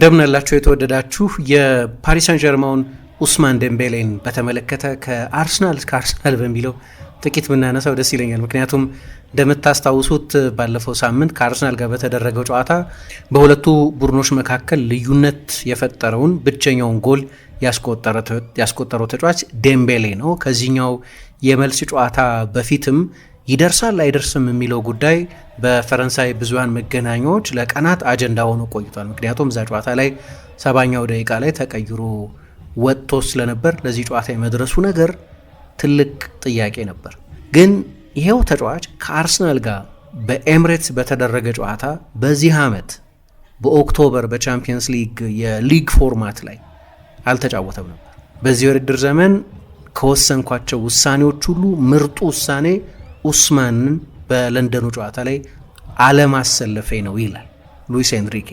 እንደምናላችሁ የተወደዳችሁ የፓሪስ ሳን ጀርማውን ኡስማን ደምቤሌን በተመለከተ ከአርሰናል እስከ አርሰናል በሚለው ጥቂት ብናነሳው ደስ ይለኛል። ምክንያቱም እንደምታስታውሱት ባለፈው ሳምንት ከአርሰናል ጋር በተደረገው ጨዋታ በሁለቱ ቡድኖች መካከል ልዩነት የፈጠረውን ብቸኛውን ጎል ያስቆጠረው ተጫዋች ደምቤሌ ነው። ከዚህኛው የመልስ ጨዋታ በፊትም ይደርሳል አይደርስም የሚለው ጉዳይ በፈረንሳይ ብዙሃን መገናኛዎች ለቀናት አጀንዳ ሆኖ ቆይቷል። ምክንያቱም እዛ ጨዋታ ላይ ሰባኛው ደቂቃ ላይ ተቀይሮ ወጥቶ ስለነበር ለዚህ ጨዋታ የመድረሱ ነገር ትልቅ ጥያቄ ነበር። ግን ይሄው ተጫዋች ከአርሰናል ጋር በኤምሬትስ በተደረገ ጨዋታ በዚህ ዓመት በኦክቶበር በቻምፒየንስ ሊግ የሊግ ፎርማት ላይ አልተጫወተም ነበር። በዚህ ውድድር ዘመን ከወሰንኳቸው ውሳኔዎች ሁሉ ምርጡ ውሳኔ ኡስማንን በለንደኑ ጨዋታ ላይ አለማሰለፌ ነው ይላል ሉዊስ ኤንሪኬ።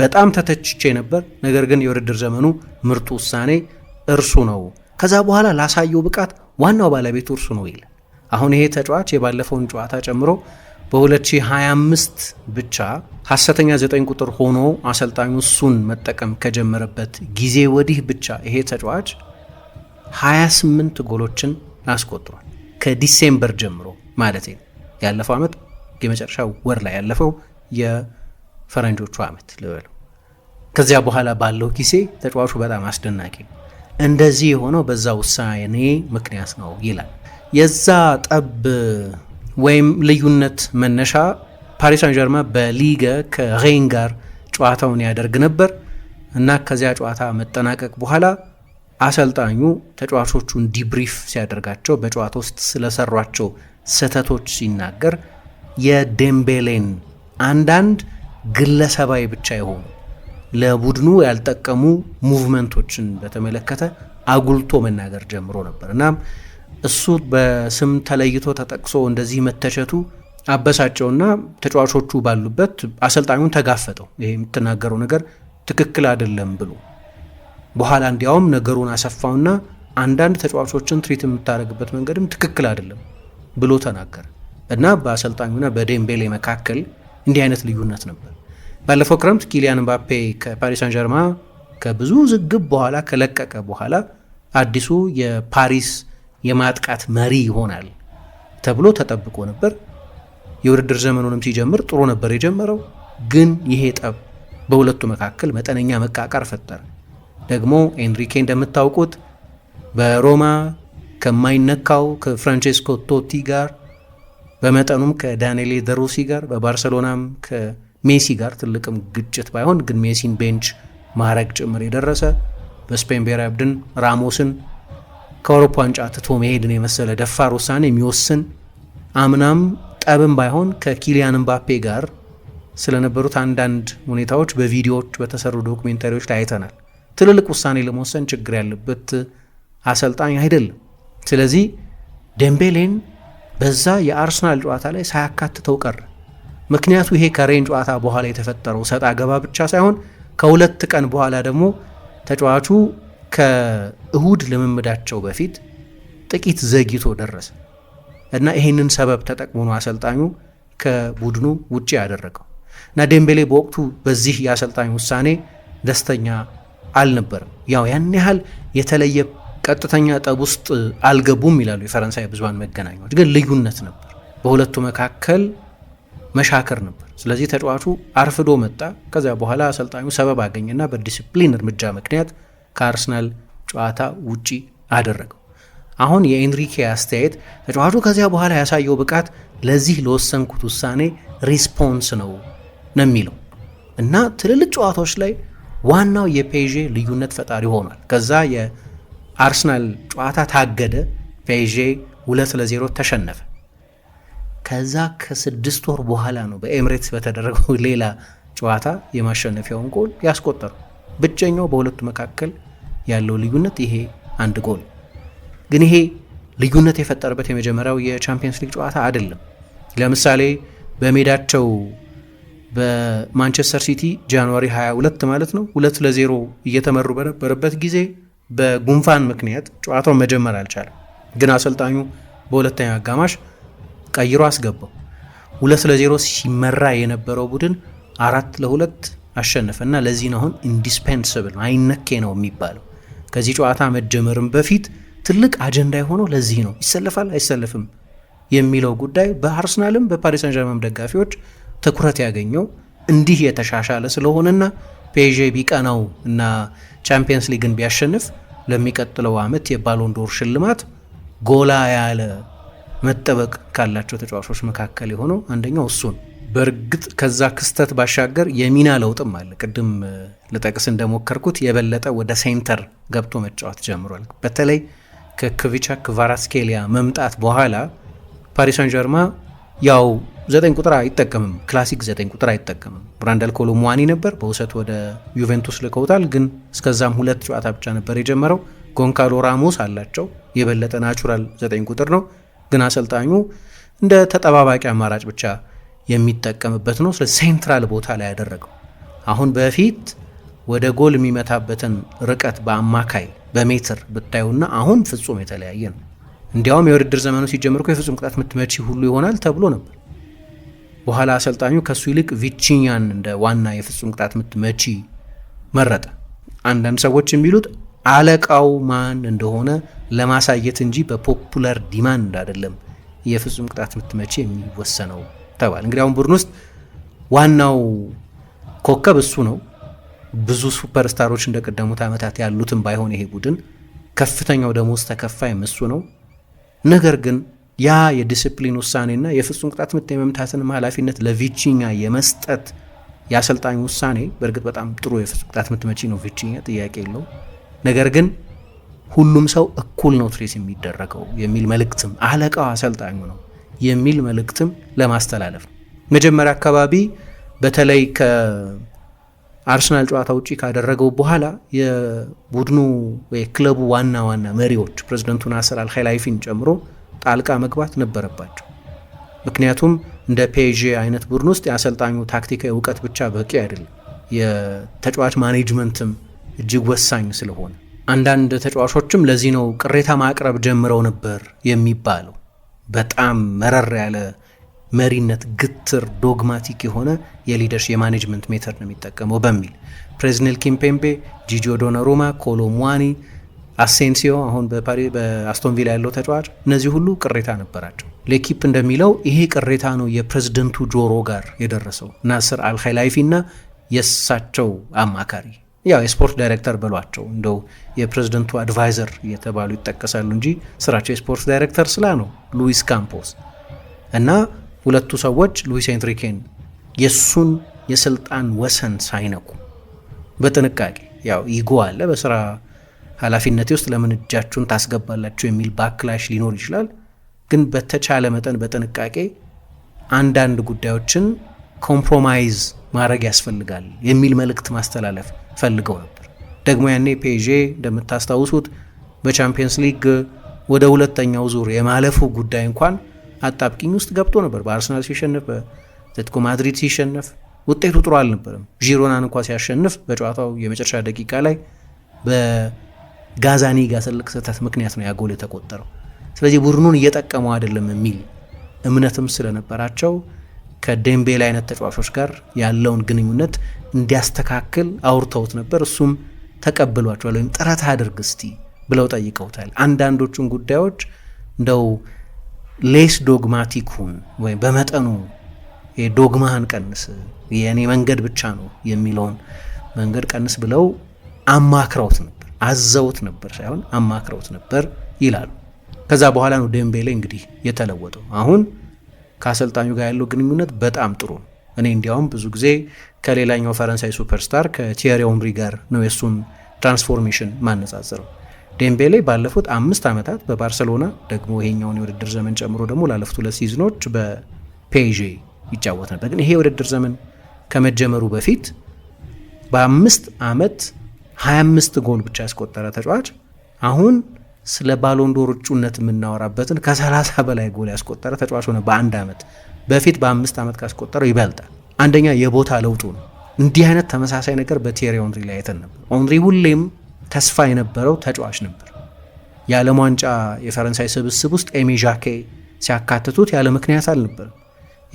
በጣም ተተችቼ ነበር፣ ነገር ግን የውድድር ዘመኑ ምርጡ ውሳኔ እርሱ ነው። ከዛ በኋላ ላሳየው ብቃት ዋናው ባለቤቱ እርሱ ነው ይላል። አሁን ይሄ ተጫዋች የባለፈውን ጨዋታ ጨምሮ በ2025 ብቻ ሐሰተኛ 9 ቁጥር ሆኖ አሰልጣኙ እሱን መጠቀም ከጀመረበት ጊዜ ወዲህ ብቻ ይሄ ተጫዋች 28 ጎሎችን አስቆጥሯል። ከዲሴምበር ጀምሮ ማለት ነው። ያለፈው ዓመት የመጨረሻ ወር ላይ ያለፈው የፈረንጆቹ ዓመት ልበለው። ከዚያ በኋላ ባለው ጊዜ ተጫዋቹ በጣም አስደናቂ ነው። እንደዚህ የሆነው በዛ ውሳኔ ምክንያት ነው ይላል። የዛ ጠብ ወይም ልዩነት መነሻ ፓሪስ ሳን ጀርማ በሊገ ከሬን ጋር ጨዋታውን ያደርግ ነበር እና ከዚያ ጨዋታ መጠናቀቅ በኋላ አሰልጣኙ ተጫዋቾቹን ዲብሪፍ ሲያደርጋቸው በጨዋታ ውስጥ ስለሰሯቸው ስህተቶች ሲናገር የዴምቤሌን አንዳንድ ግለሰባዊ ብቻ የሆኑ ለቡድኑ ያልጠቀሙ ሙቭመንቶችን በተመለከተ አጉልቶ መናገር ጀምሮ ነበር። እናም እሱ በስም ተለይቶ ተጠቅሶ እንደዚህ መተቸቱ አበሳጨውና ተጫዋቾቹ ባሉበት አሰልጣኙን ተጋፈጠው። ይሄ የምትናገረው ነገር ትክክል አይደለም ብሎ በኋላ እንዲያውም ነገሩን አሰፋውና አንዳንድ ተጫዋቾችን ትሪት የምታደርግበት መንገድም ትክክል አይደለም ብሎ ተናገረ እና በአሰልጣኙና በዴምቤሌ መካከል እንዲህ አይነት ልዩነት ነበር። ባለፈው ክረምት ኪሊያን ምባፔ ከፓሪስ ሳን ጀርማ ከብዙ ዝግብ በኋላ ከለቀቀ በኋላ አዲሱ የፓሪስ የማጥቃት መሪ ይሆናል ተብሎ ተጠብቆ ነበር። የውድድር ዘመኑንም ሲጀምር ጥሩ ነበር የጀመረው። ግን ይሄ ጠብ በሁለቱ መካከል መጠነኛ መቃቃር ፈጠረ። ደግሞ ኤንሪኬ እንደምታውቁት በሮማ ከማይነካው ከፍራንቼስኮ ቶቲ ጋር በመጠኑም ከዳንኤሌ ደሮሲ ጋር በባርሰሎናም ከሜሲ ጋር ትልቅም ግጭት ባይሆን ግን ሜሲን ቤንች ማረግ ጭምር የደረሰ በስፔን ብሔራዊ ቡድን ራሞስን ከአውሮፓ ዋንጫ ትቶ መሄድን የመሰለ ደፋር ውሳኔ የሚወስን አምናም ጠብም ባይሆን ከኪሊያን ምባፔ ጋር ስለነበሩት አንዳንድ ሁኔታዎች በቪዲዮዎች በተሰሩ ዶክሜንታሪዎች ላይ አይተናል። ትልልቅ ውሳኔ ለመወሰን ችግር ያለበት አሰልጣኝ አይደለም። ስለዚህ ደምቤሌን በዛ የአርሰናል ጨዋታ ላይ ሳያካትተው ቀረ። ምክንያቱ ይሄ ከሬን ጨዋታ በኋላ የተፈጠረው ሰጣ ገባ ብቻ ሳይሆን ከሁለት ቀን በኋላ ደግሞ ተጫዋቹ ከእሁድ ልምምዳቸው በፊት ጥቂት ዘግይቶ ደረሰ እና ይሄንን ሰበብ ተጠቅሞ ነው አሰልጣኙ ከቡድኑ ውጭ ያደረገው እና ደምቤሌ በወቅቱ በዚህ የአሰልጣኝ ውሳኔ ደስተኛ አልነበርም። ያው ያን ያህል የተለየ ቀጥተኛ ጠብ ውስጥ አልገቡም ይላሉ የፈረንሳይ ብዙሃን መገናኛዎች። ግን ልዩነት ነበር፣ በሁለቱ መካከል መሻከር ነበር። ስለዚህ ተጫዋቹ አርፍዶ መጣ። ከዚያ በኋላ አሰልጣኙ ሰበብ አገኘና በዲሲፕሊን እርምጃ ምክንያት ከአርሰናል ጨዋታ ውጪ አደረገው። አሁን የኤንሪኬ አስተያየት ተጫዋቹ ከዚያ በኋላ ያሳየው ብቃት ለዚህ ለወሰንኩት ውሳኔ ሪስፖንስ ነው ነው የሚለው እና ትልልቅ ጨዋታዎች ላይ ዋናው የፔዤ ልዩነት ፈጣሪ ሆኗል። ከዛ አርሰናል ጨዋታ ታገደ። ፔዤ ሁለት ለዜሮ ተሸነፈ። ከዛ ከስድስት ወር በኋላ ነው በኤምሬትስ በተደረገው ሌላ ጨዋታ የማሸነፊያውን ጎል ያስቆጠሩ። ብቸኛው በሁለቱ መካከል ያለው ልዩነት ይሄ አንድ ጎል ግን ይሄ ልዩነት የፈጠረበት የመጀመሪያው የቻምፒየንስ ሊግ ጨዋታ አይደለም። ለምሳሌ በሜዳቸው በማንቸስተር ሲቲ ጃንዋሪ 22 ማለት ነው ሁለት ለዜሮ እየተመሩ በነበረበት ጊዜ በጉንፋን ምክንያት ጨዋታው መጀመር አልቻለም። ግን አሰልጣኙ በሁለተኛው አጋማሽ ቀይሮ አስገባው። ሁለት ለዜሮ ሲመራ የነበረው ቡድን አራት ለሁለት አሸነፈ እና ለዚህ ነው አሁን ኢንዲስፔንስብል ነው አይነኬ ነው የሚባለው። ከዚህ ጨዋታ መጀመርም በፊት ትልቅ አጀንዳ የሆነው ለዚህ ነው ይሰለፋል አይሰለፍም የሚለው ጉዳይ በአርሰናልም በፓሪስ ደጋፊዎች ትኩረት ያገኘው እንዲህ የተሻሻለ ስለሆነና ፔዤ ቢቀናው እና ቻምፒየንስ ሊግን ቢያሸንፍ ለሚቀጥለው ዓመት የባሎንዶር ሽልማት ጎላ ያለ መጠበቅ ካላቸው ተጫዋቾች መካከል የሆነው አንደኛው እሱ ነው። በእርግጥ ከዛ ክስተት ባሻገር የሚና ለውጥም አለ። ቅድም ልጠቅስ እንደሞከርኩት የበለጠ ወደ ሴንተር ገብቶ መጫወት ጀምሯል። በተለይ ከክቪቻ ክቫራስኬሊያ መምጣት በኋላ ፓሪስ ጀርማ ያው ዘጠኝ ቁጥር አይጠቀምም። ክላሲክ ዘጠኝ ቁጥር አይጠቀምም። ብራንዳል ኮሎሙዋኒ ነበር። በውሰት ወደ ዩቬንቱስ ልከውታል። ግን እስከዛም ሁለት ጨዋታ ብቻ ነበር የጀመረው። ጎንካሎ ራሞስ አላቸው። የበለጠ ናቹራል ዘጠኝ ቁጥር ነው። ግን አሰልጣኙ እንደ ተጠባባቂ አማራጭ ብቻ የሚጠቀምበት ነው። ስለ ሴንትራል ቦታ ላይ ያደረገው አሁን በፊት ወደ ጎል የሚመታበትን ርቀት በአማካይ በሜትር ብታዩና አሁን ፍጹም የተለያየ ነው። እንዲያውም የውድድር ዘመኑ ሲጀምር እኮ የፍጹም ቅጣት ምት መቺ ሁሉ ይሆናል ተብሎ ነበር። በኋላ አሰልጣኙ ከእሱ ይልቅ ቪቺኛን እንደ ዋና የፍጹም ቅጣት ምት መቺ መረጠ። አንዳንድ ሰዎች የሚሉት አለቃው ማን እንደሆነ ለማሳየት እንጂ በፖፑላር ዲማንድ አይደለም የፍጹም ቅጣት ምት መቺ የሚወሰነው ተባለ። እንግዲህ አሁን ቡድን ውስጥ ዋናው ኮከብ እሱ ነው። ብዙ ሱፐርስታሮች እንደቀደሙት ዓመታት ያሉትም ባይሆን ይሄ ቡድን ከፍተኛው ደሞዝ ተከፋይም እሱ ነው። ነገር ግን ያ የዲስፕሊን ውሳኔና የፍጹም ቅጣት ምት የመምታትንም ኃላፊነት ለቪቺኛ የመስጠት የአሰልጣኝ ውሳኔ በእርግጥ በጣም ጥሩ የፍጹም ቅጣት ምት መቺ ነው ቪቺኛ፣ ጥያቄ የለው። ነገር ግን ሁሉም ሰው እኩል ነው ትሬት የሚደረገው የሚል መልእክትም አለቃው አሰልጣኙ ነው የሚል መልእክትም ለማስተላለፍ ነው። መጀመሪያ አካባቢ በተለይ ከአርሰናል ጨዋታ ውጭ ካደረገው በኋላ የቡድኑ ወይ ክለቡ ዋና ዋና መሪዎች ፕሬዚደንቱ ናስር አልኸላይፊን ጨምሮ ጣልቃ መግባት ነበረባቸው። ምክንያቱም እንደ ፔዤ አይነት ቡድን ውስጥ የአሰልጣኙ ታክቲካዊ እውቀት ብቻ በቂ አይደለም፣ የተጫዋች ማኔጅመንትም እጅግ ወሳኝ ስለሆነ አንዳንድ ተጫዋቾችም ለዚህ ነው ቅሬታ ማቅረብ ጀምረው ነበር የሚባለው። በጣም መረር ያለ መሪነት፣ ግትር ዶግማቲክ የሆነ የሊደርሽ የማኔጅመንት ሜተድ ነው የሚጠቀመው በሚል ፕሬዚደንት ኪምፔምቤ፣ ጂጆ ዶናሩማ፣ ኮሎ ሙዋኒ አሴንሲዮ አሁን በአስቶን ቪላ ያለው ተጫዋች እነዚህ ሁሉ ቅሬታ ነበራቸው። ሌኪፕ እንደሚለው ይሄ ቅሬታ ነው የፕሬዝደንቱ ጆሮ ጋር የደረሰው። ናስር አልኸላይፊ እና የእሳቸው አማካሪ ያው የስፖርት ዳይሬክተር በሏቸው እንደው የፕሬዝደንቱ አድቫይዘር እየተባሉ ይጠቀሳሉ እንጂ ስራቸው የስፖርት ዳይሬክተር ስላ ነው ሉዊስ ካምፖስ እና ሁለቱ ሰዎች ሉዊስ ኤንሪኬን የእሱን የስልጣን ወሰን ሳይነኩ በጥንቃቄ ያው ይጎ አለ በስራ ኃላፊነቴ ውስጥ ለምን እጃችሁን ታስገባላችሁ የሚል ባክላሽ ሊኖር ይችላል። ግን በተቻለ መጠን በጥንቃቄ አንዳንድ ጉዳዮችን ኮምፕሮማይዝ ማድረግ ያስፈልጋል የሚል መልእክት ማስተላለፍ ፈልገው ነበር። ደግሞ ያኔ ፔዤ እንደምታስታውሱት በቻምፒየንስ ሊግ ወደ ሁለተኛው ዙር የማለፉ ጉዳይ እንኳን አጣብቂኝ ውስጥ ገብቶ ነበር። በአርሰናል ሲሸንፍ፣ በአትሌቲኮ ማድሪድ ሲሸነፍ ውጤቱ ጥሩ አልነበረም። ዢሮናን እንኳ ሲያሸንፍ በጨዋታው የመጨረሻ ደቂቃ ላይ ጋዛኒ ጋር ትልቅ ስህተት ምክንያት ነው ያጎል የተቆጠረው። ስለዚህ ቡድኑን እየጠቀመው አይደለም የሚል እምነትም ስለነበራቸው ከዴምቤላ አይነት ተጫዋቾች ጋር ያለውን ግንኙነት እንዲያስተካክል አውርተውት ነበር። እሱም ተቀብሏቸዋል፣ ወይም ጥረት አድርግ እስቲ ብለው ጠይቀውታል። አንዳንዶቹን ጉዳዮች እንደው ሌስ ዶግማቲክ ሁን ወይም በመጠኑ ዶግማህን ቀንስ፣ የእኔ መንገድ ብቻ ነው የሚለውን መንገድ ቀንስ ብለው አማክረውት ነው አዘውት ነበር ሳይሆን አማክረውት ነበር ይላሉ። ከዛ በኋላ ነው ዴምቤሌ እንግዲህ የተለወጠው። አሁን ከአሰልጣኙ ጋር ያለው ግንኙነት በጣም ጥሩ ነው። እኔ እንዲያውም ብዙ ጊዜ ከሌላኛው ፈረንሳይ ሱፐርስታር ከቲየሪ ኦምሪ ጋር ነው የእሱን ትራንስፎርሜሽን ማነጻጽረው። ዴምቤሌ ባለፉት አምስት ዓመታት በባርሰሎና ደግሞ ይሄኛውን የውድድር ዘመን ጨምሮ ደግሞ ላለፉት ሁለት ሲዝኖች በፔዤ ይጫወት ነበር። ግን ይሄ የውድድር ዘመን ከመጀመሩ በፊት በአምስት ዓመት 25 ጎል ብቻ ያስቆጠረ ተጫዋች አሁን ስለ ባሎንዶር እጩነት የምናወራበትን ከ30 በላይ ጎል ያስቆጠረ ተጫዋች ሆነ። በአንድ ዓመት በፊት በአምስት ዓመት ካስቆጠረው ይበልጣል። አንደኛ የቦታ ለውጡ ነው። እንዲህ አይነት ተመሳሳይ ነገር በቴሪ ኦንሪ ላይ አይተን ነበር። ኦንሪ ሁሌም ተስፋ የነበረው ተጫዋች ነበር። የዓለም ዋንጫ የፈረንሳይ ስብስብ ውስጥ ኤሚ ዣኬ ሲያካትቱት ያለ ምክንያት አልነበርም።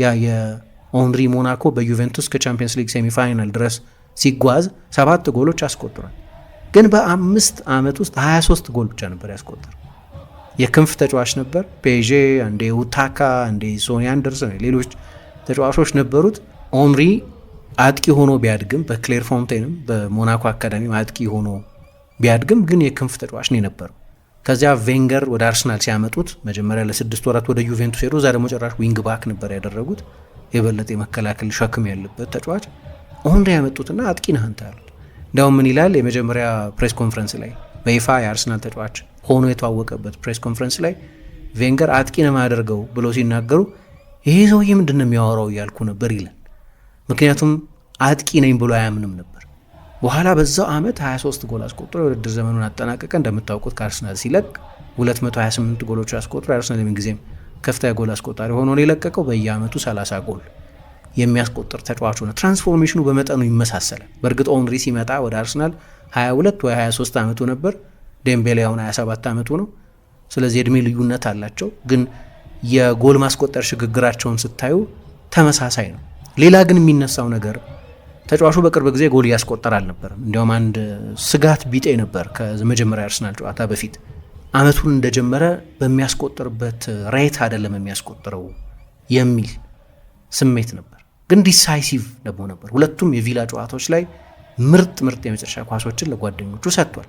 ያ የኦንሪ ሞናኮ በዩቬንቱስ ከቻምፒየንስ ሊግ ሴሚፋይናል ድረስ ሲጓዝ ሰባት ጎሎች አስቆጥሯል። ግን በአምስት ዓመት ውስጥ 23 ጎል ብቻ ነበር ያስቆጠረ። የክንፍ ተጫዋች ነበር። ፔዤ፣ እንዴ፣ ውታካ፣ እንዴ፣ ሶኒ አንደርሰን፣ ሌሎች ተጫዋቾች ነበሩት። ኦምሪ አጥቂ ሆኖ ቢያድግም በክሌር ፎንቴንም በሞናኮ አካዳሚ አጥቂ ሆኖ ቢያድግም ግን የክንፍ ተጫዋች ነው የነበረው። ከዚያ ቬንገር ወደ አርሰናል ሲያመጡት መጀመሪያ ለስድስት ወራት ወደ ዩቬንቱስ ሄዶ እዛ ደግሞ ጭራሽ ዊንግ ባክ ነበር ያደረጉት። የበለጠ የመከላከል ሸክም ያለበት ተጫዋች ኦን ያመጡትና አጥቂ ነህ አንተ አሉት። እንዲያውም ምን ይላል የመጀመሪያ ፕሬስ ኮንፈረንስ ላይ በይፋ የአርሰናል ተጫዋች ሆኖ የተዋወቀበት ፕሬስ ኮንፈረንስ ላይ ቬንገር አጥቂ ነው የማያደርገው ብለው ሲናገሩ ይሄ ሰውዬ ምንድን ነው የሚያወራው እያልኩ ነበር ይላል። ምክንያቱም አጥቂ ነኝ ብሎ አያምንም ነበር። በኋላ በዛው ዓመት 23 ጎል አስቆጥሮ የውድድር ዘመኑን አጠናቀቀ። እንደምታውቁት ከአርሰናል ሲለቅ 228 ጎሎች አስቆጥሮ የአርሰናል የምንጊዜም ከፍታ የጎል አስቆጣሪ ሆኖ ነው የለቀቀው። በየዓመቱ 30 ጎል የሚያስቆጥር ተጫዋች ሆነ። ትራንስፎርሜሽኑ በመጠኑ ይመሳሰላል። በእርግጥ ኦንሪ ሲመጣ ወደ አርሰናል 22 ወይ 23 ዓመቱ ነበር። ዴምቤሌ አሁን 27 ዓመቱ ነው። ስለዚህ የእድሜ ልዩነት አላቸው፣ ግን የጎል ማስቆጠር ሽግግራቸውን ስታዩ ተመሳሳይ ነው። ሌላ ግን የሚነሳው ነገር ተጫዋቹ በቅርብ ጊዜ ጎል እያስቆጠር አልነበርም። እንዲያውም አንድ ስጋት ቢጤ ነበር ከመጀመሪያ አርሰናል ጨዋታ በፊት አመቱን እንደጀመረ በሚያስቆጥርበት ራይት አይደለም የሚያስቆጥረው የሚል ስሜት ነበር። ግን ዲሳይሲቭ ደግሞ ነበር። ሁለቱም የቪላ ጨዋታዎች ላይ ምርጥ ምርጥ የመጨረሻ ኳሶችን ለጓደኞቹ ሰጥቷል።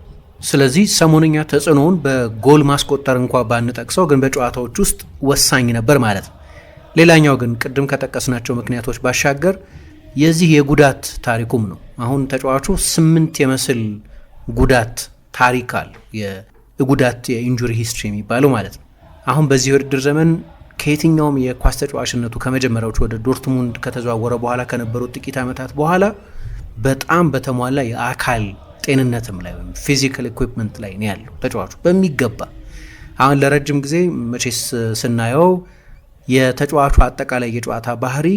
ስለዚህ ሰሞንኛ ተጽዕኖውን በጎል ማስቆጠር እንኳ ባንጠቅሰው ግን በጨዋታዎች ውስጥ ወሳኝ ነበር ማለት ነው። ሌላኛው ግን ቅድም ከጠቀስናቸው ምክንያቶች ባሻገር የዚህ የጉዳት ታሪኩም ነው። አሁን ተጫዋቹ ስምንት የመስል ጉዳት ታሪክ አለው። የጉዳት የኢንጁሪ ሂስትሪ የሚባለው ማለት ነው። አሁን በዚህ ውድድር ዘመን ከየትኛውም የኳስ ተጫዋችነቱ ከመጀመሪያዎቹ ወደ ዶርትሙንድ ከተዘዋወረ በኋላ ከነበሩት ጥቂት ዓመታት በኋላ በጣም በተሟላ የአካል ጤንነትም ላይ ወይም ፊዚካል ኢኩፕመንት ላይ ነው ያለው ተጫዋቹ በሚገባ አሁን ለረጅም ጊዜ መቼስ ስናየው የተጫዋቹ አጠቃላይ የጨዋታ ባህሪ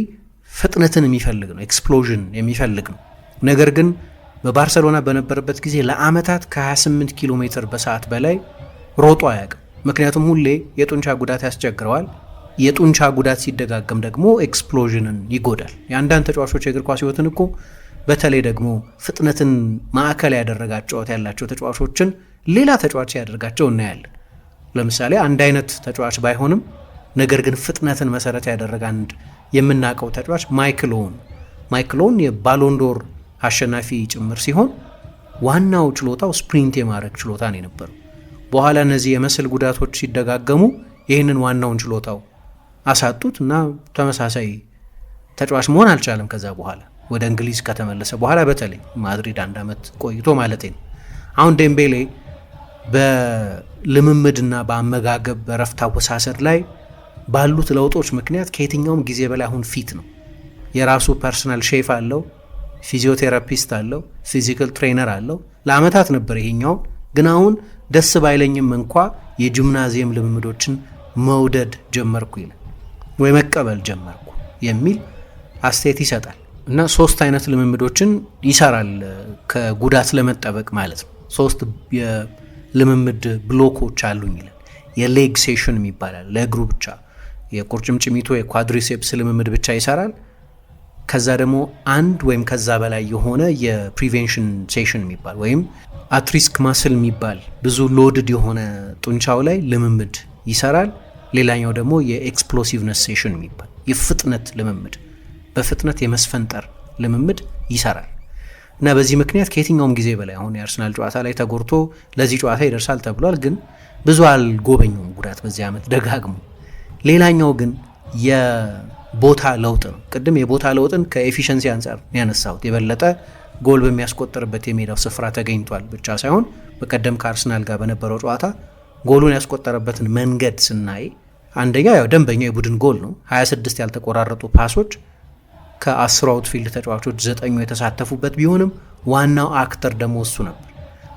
ፍጥነትን የሚፈልግ ነው፣ ኤክስፕሎዥን የሚፈልግ ነው። ነገር ግን በባርሰሎና በነበረበት ጊዜ ለአመታት ከ28 ኪሎ ሜትር በሰዓት በላይ ሮጦ አያውቅም። ምክንያቱም ሁሌ የጡንቻ ጉዳት ያስቸግረዋል። የጡንቻ ጉዳት ሲደጋገም ደግሞ ኤክስፕሎዥንን ይጎዳል። የአንዳንድ ተጫዋቾች የእግር ኳስ ህይወትን እኮ በተለይ ደግሞ ፍጥነትን ማዕከል ያደረጋት ጨዋታ ያላቸው ተጫዋቾችን ሌላ ተጫዋች ሲያደርጋቸው እናያለን። ለምሳሌ አንድ አይነት ተጫዋች ባይሆንም ነገር ግን ፍጥነትን መሰረት ያደረገ አንድ የምናውቀው ተጫዋች ማይክል ኦወን፣ ማይክል የባሎንዶር አሸናፊ ጭምር ሲሆን ዋናው ችሎታው ስፕሪንት የማድረግ ችሎታ ነው የነበረው። በኋላ እነዚህ የመስል ጉዳቶች ሲደጋገሙ ይህንን ዋናውን ችሎታው አሳጡት እና ተመሳሳይ ተጫዋች መሆን አልቻለም። ከዛ በኋላ ወደ እንግሊዝ ከተመለሰ በኋላ በተለይ ማድሪድ አንድ ዓመት ቆይቶ ማለት ነው። አሁን ዴምቤሌ በልምምድና በአመጋገብ በረፍት አወሳሰድ ላይ ባሉት ለውጦች ምክንያት ከየትኛውም ጊዜ በላይ አሁን ፊት ነው። የራሱ ፐርሰናል ሼፍ አለው፣ ፊዚዮቴራፒስት አለው፣ ፊዚካል ትሬነር አለው። ለአመታት ነበር ይሄኛውን ግን አሁን ደስ ባይለኝም እንኳ የጂምናዚየም ልምምዶችን መውደድ ጀመርኩ ይላል። ወይ መቀበል ጀመርኩ የሚል አስተያየት ይሰጣል እና ሶስት አይነት ልምምዶችን ይሰራል ከጉዳት ለመጠበቅ ማለት ነው። ሶስት የልምምድ ብሎኮች አሉኝ ይላል። የሌግ ሴሽን ለእግሩ ብቻ የቁርጭምጭሚቶ የኳድሪሴፕስ ልምምድ ብቻ ይሰራል። ከዛ ደግሞ አንድ ወይም ከዛ በላይ የሆነ የፕሪቬንሽን ሴሽን የሚባል ወይም አትሪስክ ማስል የሚባል ብዙ ሎድድ የሆነ ጡንቻው ላይ ልምምድ ይሰራል። ሌላኛው ደግሞ የኤክስፕሎሲቭነስ ሴሽን የሚባል የፍጥነት ልምምድ በፍጥነት የመስፈንጠር ልምምድ ይሰራል እና በዚህ ምክንያት ከየትኛውም ጊዜ በላይ አሁን የአርሰናል ጨዋታ ላይ ተጎድቶ ለዚህ ጨዋታ ይደርሳል ተብሏል። ግን ብዙ አልጎበኙም ጉዳት በዚህ ዓመት ደጋግሞ። ሌላኛው ግን የቦታ ለውጥ ነው። ቅድም የቦታ ለውጥን ከኤፊሽንሲ አንጻር ያነሳሁት የበለጠ ጎል በሚያስቆጠርበት የሜዳው ስፍራ ተገኝቷል ብቻ ሳይሆን በቀደም ከአርሰናል ጋር በነበረው ጨዋታ ጎሉን ያስቆጠረበትን መንገድ ስናይ አንደኛው ያው ደንበኛው የቡድን ጎል ነው። 26 ያልተቆራረጡ ፓሶች ከአስሩ አውትፊልድ ተጫዋቾች ዘጠኙ የተሳተፉበት ቢሆንም ዋናው አክተር ደግሞ እሱ ነበር።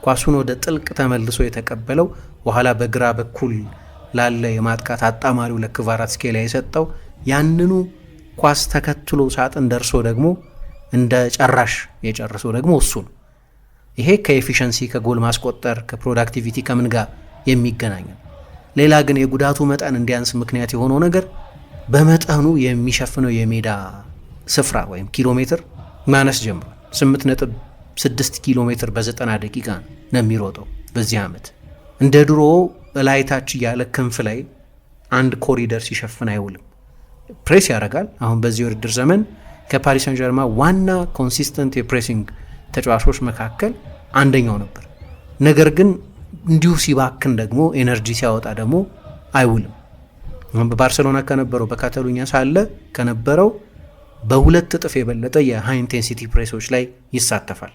ኳሱን ወደ ጥልቅ ተመልሶ የተቀበለው በኋላ በግራ በኩል ላለ የማጥቃት አጣማሪው ለክቫራትስኬሊያ የሰጠው ያንኑ ኳስ ተከትሎ ሳጥን ደርሶ ደግሞ እንደ ጨራሽ የጨርሶ ደግሞ እሱ ነው። ይሄ ከኤፊሸንሲ ከጎል ማስቆጠር ከፕሮዳክቲቪቲ ከምን ጋር የሚገናኝ ነው። ሌላ ግን የጉዳቱ መጠን እንዲያንስ ምክንያት የሆነው ነገር በመጠኑ የሚሸፍነው የሜዳ ስፍራ ወይም ኪሎ ሜትር ማነስ ጀምሯል። 8.6 ኪሎ ሜትር በ90 ደቂቃ ነው የሚሮጠው በዚህ ዓመት። እንደ ድሮ እላይታች እያለ ክንፍ ላይ አንድ ኮሪደር ሲሸፍን አይውልም። ፕሬስ ያደርጋል። አሁን በዚህ ውድድር ዘመን ከፓሪስ ጀርማ ዋና ኮንሲስተንት የፕሬሲንግ ተጫዋቾች መካከል አንደኛው ነበር። ነገር ግን እንዲሁ ሲባክን ደግሞ ኤነርጂ ሲያወጣ ደግሞ አይውልም። በባርሰሎና ከነበረው በካታሉኛ ሳለ ከነበረው በሁለት እጥፍ የበለጠ የሃይ ኢንቴንሲቲ ፕሬሶች ላይ ይሳተፋል።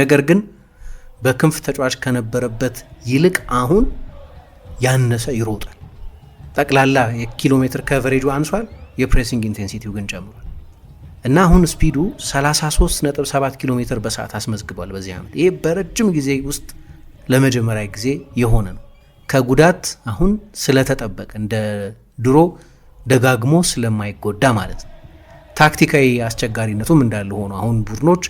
ነገር ግን በክንፍ ተጫዋች ከነበረበት ይልቅ አሁን ያነሰ ይሮጣል። ጠቅላላ የኪሎ ሜትር ከቨሬጁ አንሷል፣ የፕሬሲንግ ኢንቴንሲቲው ግን ጨምሯል እና አሁን ስፒዱ 33.7 ኪሎ ሜትር በሰዓት አስመዝግቧል በዚህ ዓመት። ይህ በረጅም ጊዜ ውስጥ ለመጀመሪያ ጊዜ የሆነ ነው። ከጉዳት አሁን ስለተጠበቀ እንደ ድሮ ደጋግሞ ስለማይጎዳ ማለት ነው። ታክቲካዊ አስቸጋሪነቱም እንዳለ ሆኖ አሁን ቡድኖች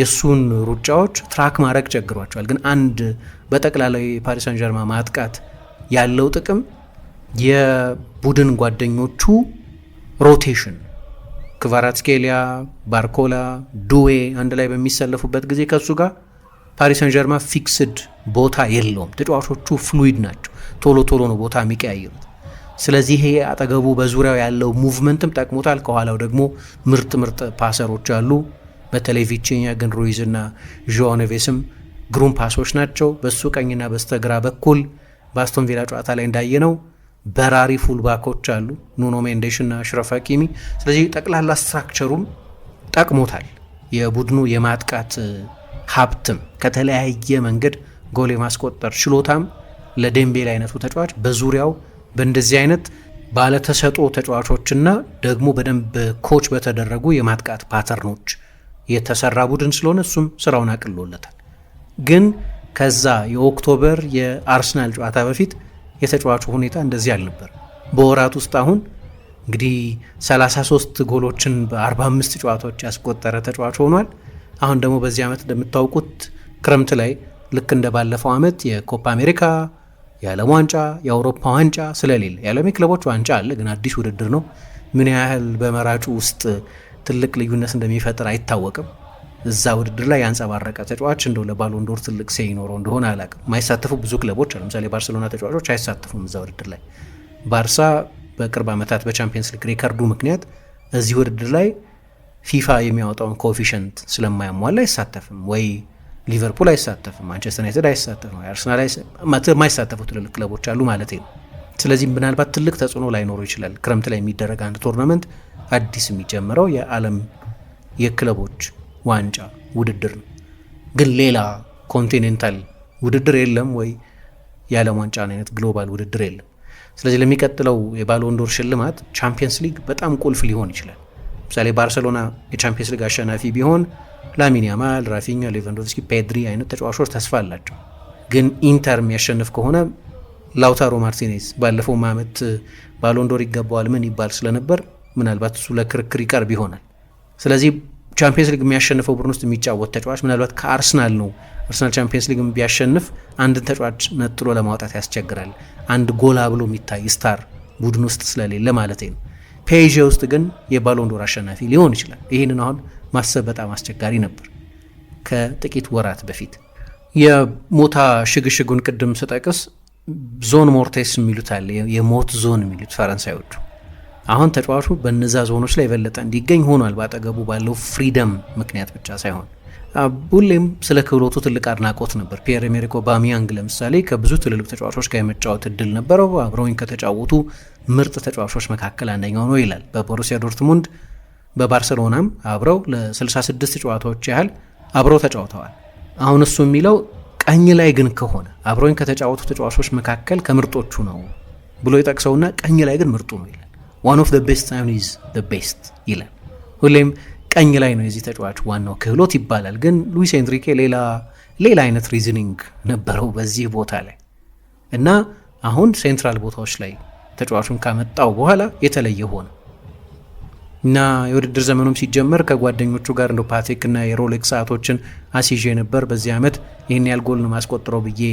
የእሱን ሩጫዎች ትራክ ማድረግ ቸግሯቸዋል። ግን አንድ በጠቅላላዊ የፓሪስ ሳን ጀርማ ማጥቃት ያለው ጥቅም የቡድን ጓደኞቹ ሮቴሽን ክቫራትስኬሊያ፣ ባርኮላ፣ ዱዌ አንድ ላይ በሚሰለፉበት ጊዜ ከእሱ ጋር ፓሪስ ሰን ጀርማ ፊክስድ ቦታ የለውም። ተጫዋቾቹ ፍሉይድ ናቸው። ቶሎ ቶሎ ነው ቦታ የሚቀያየሩት። ስለዚህ ይሄ አጠገቡ በዙሪያው ያለው ሙቭመንትም ጠቅሞታል። ከኋላው ደግሞ ምርጥ ምርጥ ፓሰሮች አሉ። በተለይ ቪቼኛ ግን ሩይዝ እና ዣኦ ግሩም ፓሶች ናቸው። በሱ ቀኝና በስተግራ በኩል በአስቶን ቪላ ጨዋታ ላይ እንዳየ ነው በራሪ ፉልባኮች አሉ ኑኖ ሜንዴሽ እና ሽረፍ ሀኪሚ። ስለዚህ ጠቅላላ ስትራክቸሩም ጠቅሞታል የቡድኑ የማጥቃት ሀብትም ከተለያየ መንገድ ጎል የማስቆጠር ችሎታም ለዴምቤል አይነቱ ተጫዋች በዙሪያው በእንደዚህ አይነት ባለተሰጦ ተጫዋቾችና ደግሞ በደንብ ኮች በተደረጉ የማጥቃት ፓተርኖች የተሰራ ቡድን ስለሆነ እሱም ስራውን አቅሎለታል። ግን ከዛ የኦክቶበር የአርሰናል ጨዋታ በፊት የተጫዋቹ ሁኔታ እንደዚህ አልነበር። በወራት ውስጥ አሁን እንግዲህ 33 ጎሎችን በ45 ጨዋታዎች ያስቆጠረ ተጫዋች ሆኗል። አሁን ደግሞ በዚህ ዓመት እንደምታውቁት ክረምት ላይ ልክ እንደ ባለፈው ዓመት የኮፓ አሜሪካ የዓለም ዋንጫ የአውሮፓ ዋንጫ ስለሌለ የዓለም ክለቦች ዋንጫ አለ፣ ግን አዲስ ውድድር ነው። ምን ያህል በመራጩ ውስጥ ትልቅ ልዩነት እንደሚፈጥር አይታወቅም። እዛ ውድድር ላይ ያንጸባረቀ ተጫዋች እንደው ለባሎንዶር ትልቅ ሴ ይኖረው እንደሆነ አላውቅም። የማይሳተፉ ብዙ ክለቦች አሉ። ለምሳሌ የባርሴሎና ተጫዋቾች አይሳተፉም እዛ ውድድር ላይ። ባርሳ በቅርብ ዓመታት በቻምፒየንስ ሊግ ሪከርዱ ምክንያት እዚህ ውድድር ላይ ፊፋ የሚያወጣውን ኮኤፊሽንት ስለማያሟላ አይሳተፍም ወይ ሊቨርፑል አይሳተፍም፣ ማንቸስተር ዩናይትድ አይሳተፍም፣ አርሰናል የማይሳተፉ ትልልቅ ክለቦች አሉ ማለት ነው። ስለዚህ ምናልባት ትልቅ ተጽዕኖ ላይኖሩ ይችላል። ክረምት ላይ የሚደረግ አንድ ቶርናመንት አዲስ የሚጀምረው የዓለም የክለቦች ዋንጫ ውድድር ነው። ግን ሌላ ኮንቲኔንታል ውድድር የለም ወይ የዓለም ዋንጫ አይነት ግሎባል ውድድር የለም። ስለዚህ ለሚቀጥለው የባሎንዶር ሽልማት ቻምፒየንስ ሊግ በጣም ቁልፍ ሊሆን ይችላል። ለምሳሌ ባርሰሎና የቻምፒየንስ ሊግ አሸናፊ ቢሆን ላሚን ያማል፣ ራፊኛ፣ ሌቫንዶቭስኪ፣ ፔድሪ አይነት ተጫዋቾች ተስፋ አላቸው። ግን ኢንተር የሚያሸንፍ ከሆነ ላውታሮ ማርቲኔዝ ባለፈው ዓመት ባሎንዶር ይገባዋል ምን ይባል ስለነበር ምናልባት እሱ ለክርክር ይቀርብ ይሆናል። ስለዚህ ቻምፒየንስ ሊግ የሚያሸንፈው ቡድን ውስጥ የሚጫወት ተጫዋች ምናልባት ከአርሰናል ነው። አርሰናል ቻምፒየንስ ሊግ ቢያሸንፍ አንድን ተጫዋች ነጥሎ ለማውጣት ያስቸግራል። አንድ ጎላ ብሎ የሚታይ ስታር ቡድን ውስጥ ስለሌለ ማለት ነው። ፔዣ ውስጥ ግን የባሎንዶር አሸናፊ ሊሆን ይችላል። ይህንን አሁን ማሰብ በጣም አስቸጋሪ ነበር ከጥቂት ወራት በፊት። የሞታ ሽግሽጉን ቅድም ስጠቅስ ዞን ሞርቴስ የሚሉት አለ፣ የሞት ዞን የሚሉት ፈረንሳዮቹ። አሁን ተጫዋቹ በነዛ ዞኖች ላይ የበለጠ እንዲገኝ ሆኗል፣ በአጠገቡ ባለው ፍሪደም ምክንያት ብቻ ሳይሆን ሁሌም ስለ ክህሎቱ ትልቅ አድናቆት ነበር። ፒየር ኤሜሪክ አውባሜያንግ ለምሳሌ ከብዙ ትልልቅ ተጫዋቾች ጋር የመጫወት እድል ነበረው። አብረውኝ ከተጫወቱ ምርጥ ተጫዋቾች መካከል አንደኛው ነው ይላል። በቦሩሲያ ዶርትሙንድ በባርሰሎናም አብረው ለ66 ጨዋታዎች ያህል አብረው ተጫውተዋል። አሁን እሱ የሚለው ቀኝ ላይ ግን ከሆነ አብረውኝ ከተጫወቱ ተጫዋቾች መካከል ከምርጦቹ ነው ብሎ ይጠቅሰውና ቀኝ ላይ ግን ምርጡ ነው ይላል። ዋን ኦፍ ቤስት ሳይሆን ኢዝ ቤስት ይላል ሁሌም ቀኝ ላይ ነው የዚህ ተጫዋች ዋናው ክህሎት ይባላል። ግን ሉዊስ ኤንሪኬ ሌላ ሌላ አይነት ሪዝኒንግ ነበረው በዚህ ቦታ ላይ እና አሁን ሴንትራል ቦታዎች ላይ ተጫዋቹን ካመጣው በኋላ የተለየ ሆነ እና የውድድር ዘመኑም ሲጀመር ከጓደኞቹ ጋር እንደ ፓቴክ እና የሮሌክስ ሰዓቶችን አስይዤ ነበር። በዚህ ዓመት ይህን ያህል ጎል ነው ማስቆጥረው ብዬ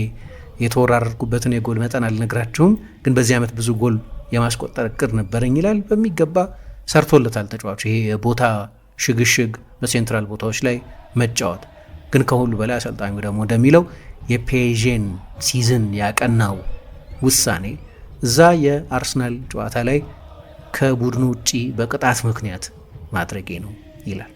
የተወራረድኩበትን የጎል መጠን አልነግራችሁም፣ ግን በዚህ ዓመት ብዙ ጎል የማስቆጠር እቅድ ነበረኝ ይላል። በሚገባ ሰርቶለታል ተጫዋቹ ይሄ ቦታ ሽግሽግ በሴንትራል ቦታዎች ላይ መጫወት። ግን ከሁሉ በላይ አሰልጣኙ ደግሞ እንደሚለው የፔዥን ሲዝን ያቀናው ውሳኔ እዛ የአርሰናል ጨዋታ ላይ ከቡድኑ ውጪ በቅጣት ምክንያት ማድረጌ ነው ይላል።